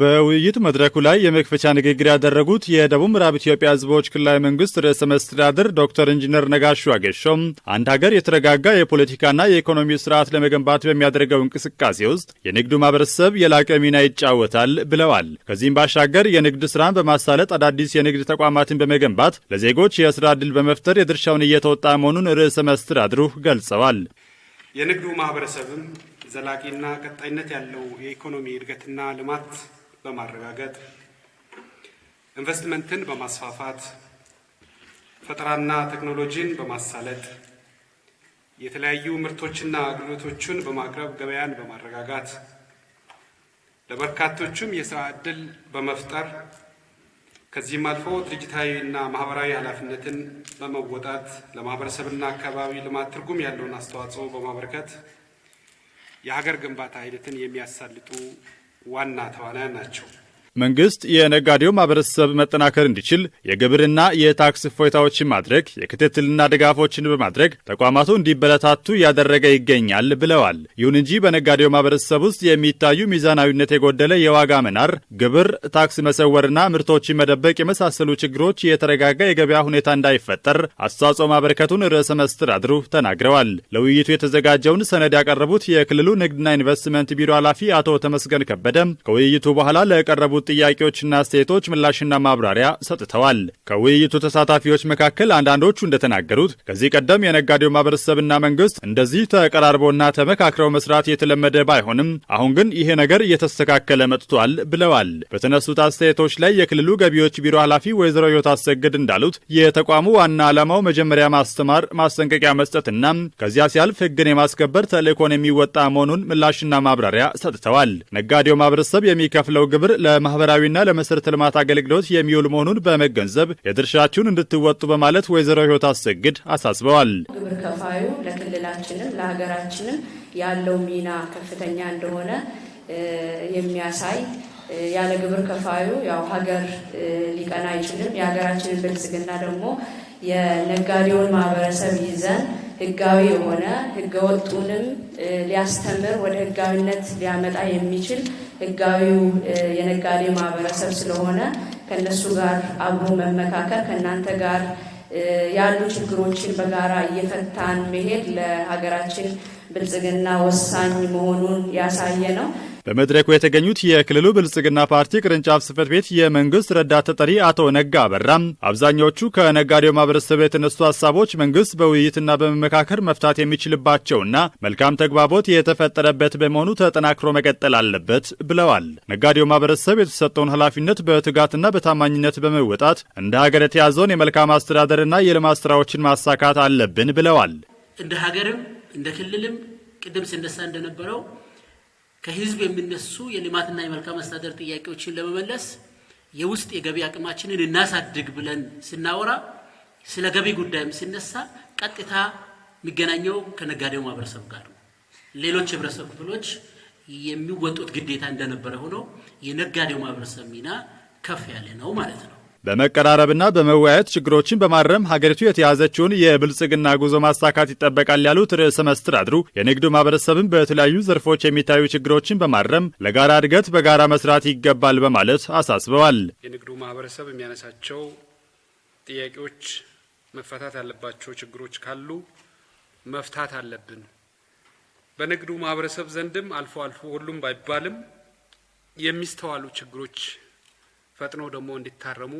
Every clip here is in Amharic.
በውይይት መድረኩ ላይ የመክፈቻ ንግግር ያደረጉት የደቡብ ምዕራብ ኢትዮጵያ ህዝቦች ክልላዊ መንግስት ርዕሰ መስተዳድር ዶክተር ኢንጂነር ነጋሹ አገሾም አንድ ሀገር የተረጋጋ የፖለቲካና የኢኮኖሚ ስርዓት ለመገንባት በሚያደርገው እንቅስቃሴ ውስጥ የንግዱ ማህበረሰብ የላቀ ሚና ይጫወታል ብለዋል። ከዚህም ባሻገር የንግድ ስራን በማሳለጥ አዳዲስ የንግድ ተቋማትን በመገንባት ለዜጎች የስራ ዕድል በመፍጠር የድርሻውን እየተወጣ መሆኑን ርዕሰ መስተዳድሩ ገልጸዋል። የንግዱ ማህበረሰብም ዘላቂና ቀጣይነት ያለው የኢኮኖሚ እድገትና ልማት በማረጋገጥ ኢንቨስትመንትን በማስፋፋት ፈጠራና ቴክኖሎጂን በማሳለጥ የተለያዩ ምርቶችና አገልግሎቶችን በማቅረብ ገበያን በማረጋጋት ለበርካቶቹም የስራ ዕድል በመፍጠር ከዚህም አልፎ ድርጅታዊና ማህበራዊ ኃላፊነትን በመወጣት ለማህበረሰብና አካባቢ ልማት ትርጉም ያለውን አስተዋጽኦ በማበርከት የሀገር ግንባታ ሂደትን የሚያሳልጡ ዋና ተዋናያን ናቸው። መንግስት የነጋዴው ማህበረሰብ መጠናከር እንዲችል የግብርና የታክስ እፎይታዎችን ማድረግ፣ የክትትልና ድጋፎችን በማድረግ ተቋማቱ እንዲበረታቱ እያደረገ ይገኛል ብለዋል። ይሁን እንጂ በነጋዴው ማህበረሰብ ውስጥ የሚታዩ ሚዛናዊነት የጎደለ የዋጋ መናር፣ ግብር፣ ታክስ መሰወርና ምርቶችን መደበቅ የመሳሰሉ ችግሮች የተረጋጋ የገበያ ሁኔታ እንዳይፈጠር አስተዋጽኦ ማበረከቱን ርዕሰ መስተዳድሩ ተናግረዋል። ለውይይቱ የተዘጋጀውን ሰነድ ያቀረቡት የክልሉ ንግድና ኢንቨስትመንት ቢሮ ኃላፊ አቶ ተመስገን ከበደ ከውይይቱ በኋላ ለቀረቡት ጥያቄዎችና አስተያየቶች ምላሽና ማብራሪያ ሰጥተዋል። ከውይይቱ ተሳታፊዎች መካከል አንዳንዶቹ እንደተናገሩት ከዚህ ቀደም የነጋዴው ማህበረሰብና መንግስት እንደዚህ ተቀራርበውና ተመካክረው መስራት የተለመደ ባይሆንም አሁን ግን ይሄ ነገር እየተስተካከለ መጥቷል ብለዋል። በተነሱት አስተያየቶች ላይ የክልሉ ገቢዎች ቢሮ ኃላፊ ወይዘሮ ህይወት አሰግድ እንዳሉት የተቋሙ ዋና ዓላማው መጀመሪያ ማስተማር፣ ማስጠንቀቂያ መስጠትና ከዚያ ሲያልፍ ህግን የማስከበር ተልእኮን የሚወጣ መሆኑን ምላሽና ማብራሪያ ሰጥተዋል። ነጋዴው ማህበረሰብ የሚከፍለው ግብር ለማ ለማህበራዊና ለመሰረተ ልማት አገልግሎት የሚውል መሆኑን በመገንዘብ የድርሻችሁን እንድትወጡ በማለት ወይዘሮ ህይወት አሰግድ አሳስበዋል። ግብር ከፋዩ ለክልላችንም ለሀገራችንም ያለው ሚና ከፍተኛ እንደሆነ የሚያሳይ ያለ ግብር ከፋዩ ያው ሀገር ሊቀና አይችልም። የሀገራችንን ብልጽግና ደግሞ የነጋዴውን ማህበረሰብ ይዘን ህጋዊ የሆነ ህገወጡንም ሊያስተምር ወደ ህጋዊነት ሊያመጣ የሚችል ህጋዊው የነጋዴ ማህበረሰብ ስለሆነ ከነሱ ጋር አብሮ መመካከል ከእናንተ ጋር ያሉ ችግሮችን በጋራ እየፈታን መሄድ ለሀገራችን ብልጽግና ወሳኝ መሆኑን ያሳየ ነው። በመድረኩ የተገኙት የክልሉ ብልጽግና ፓርቲ ቅርንጫፍ ጽህፈት ቤት የመንግስት ረዳት ተጠሪ አቶ ነጋ አበራም አብዛኛዎቹ ከነጋዴው ማህበረሰብ የተነሱ ሀሳቦች መንግስት በውይይትና በመመካከር መፍታት የሚችልባቸውና መልካም ተግባቦት የተፈጠረበት በመሆኑ ተጠናክሮ መቀጠል አለበት ብለዋል። ነጋዴው ማህበረሰብ የተሰጠውን ኃላፊነት በትጋትና በታማኝነት በመወጣት እንደ ሀገር የተያዘውን የመልካም አስተዳደርና የልማት ስራዎችን ማሳካት አለብን ብለዋል። እንደ ሀገርም እንደ ክልልም ቅድም ስነሳ እንደነበረው ከህዝብ የሚነሱ የልማትና የመልካም አስተዳደር ጥያቄዎችን ለመመለስ የውስጥ የገቢ አቅማችንን እናሳድግ ብለን ስናወራ ስለ ገቢ ጉዳይም ሲነሳ ቀጥታ የሚገናኘው ከነጋዴው ማህበረሰብ ጋር ነው። ሌሎች ህብረተሰብ ክፍሎች የሚወጡት ግዴታ እንደነበረ ሆኖ የነጋዴው ማህበረሰብ ሚና ከፍ ያለ ነው ማለት ነው። በመቀራረብና በመወያየት ችግሮችን በማረም ሀገሪቱ የተያዘችውን የብልጽግና ጉዞ ማሳካት ይጠበቃል ያሉት ርዕሰ መስተዳድሩ የንግዱ ማህበረሰብን በተለያዩ ዘርፎች የሚታዩ ችግሮችን በማረም ለጋራ እድገት በጋራ መስራት ይገባል በማለት አሳስበዋል። የንግዱ ማህበረሰብ የሚያነሳቸው ጥያቄዎች፣ መፈታት ያለባቸው ችግሮች ካሉ መፍታት አለብን። በንግዱ ማህበረሰብ ዘንድም አልፎ አልፎ ሁሉም ባይባልም የሚስተዋሉ ችግሮች ፈጥኖ ደግሞ እንዲታረሙ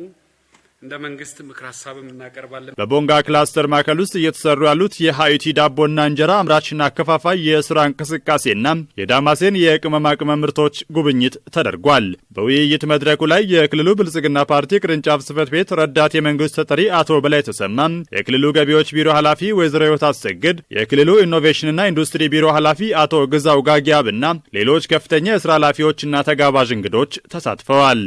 እንደ መንግስት ምክር ሀሳብም እናቀርባለን። በቦንጋ ክላስተር ማዕከል ውስጥ እየተሰሩ ያሉት የሀይቲ ዳቦና እንጀራ አምራችና አከፋፋይ የስራ እንቅስቃሴና የዳማሴን የቅመማ ቅመም ምርቶች ጉብኝት ተደርጓል። በውይይት መድረኩ ላይ የክልሉ ብልጽግና ፓርቲ ቅርንጫፍ ጽህፈት ቤት ረዳት የመንግስት ተጠሪ አቶ በላይ ተሰማ፣ የክልሉ ገቢዎች ቢሮ ኃላፊ ወይዘሮ ህይወት አሰግድ፣ የክልሉ ኢኖቬሽንና ኢንዱስትሪ ቢሮ ኃላፊ አቶ ግዛው ጋጊያብና ሌሎች ከፍተኛ የስራ ኃላፊዎችና ተጋባዥ እንግዶች ተሳትፈዋል።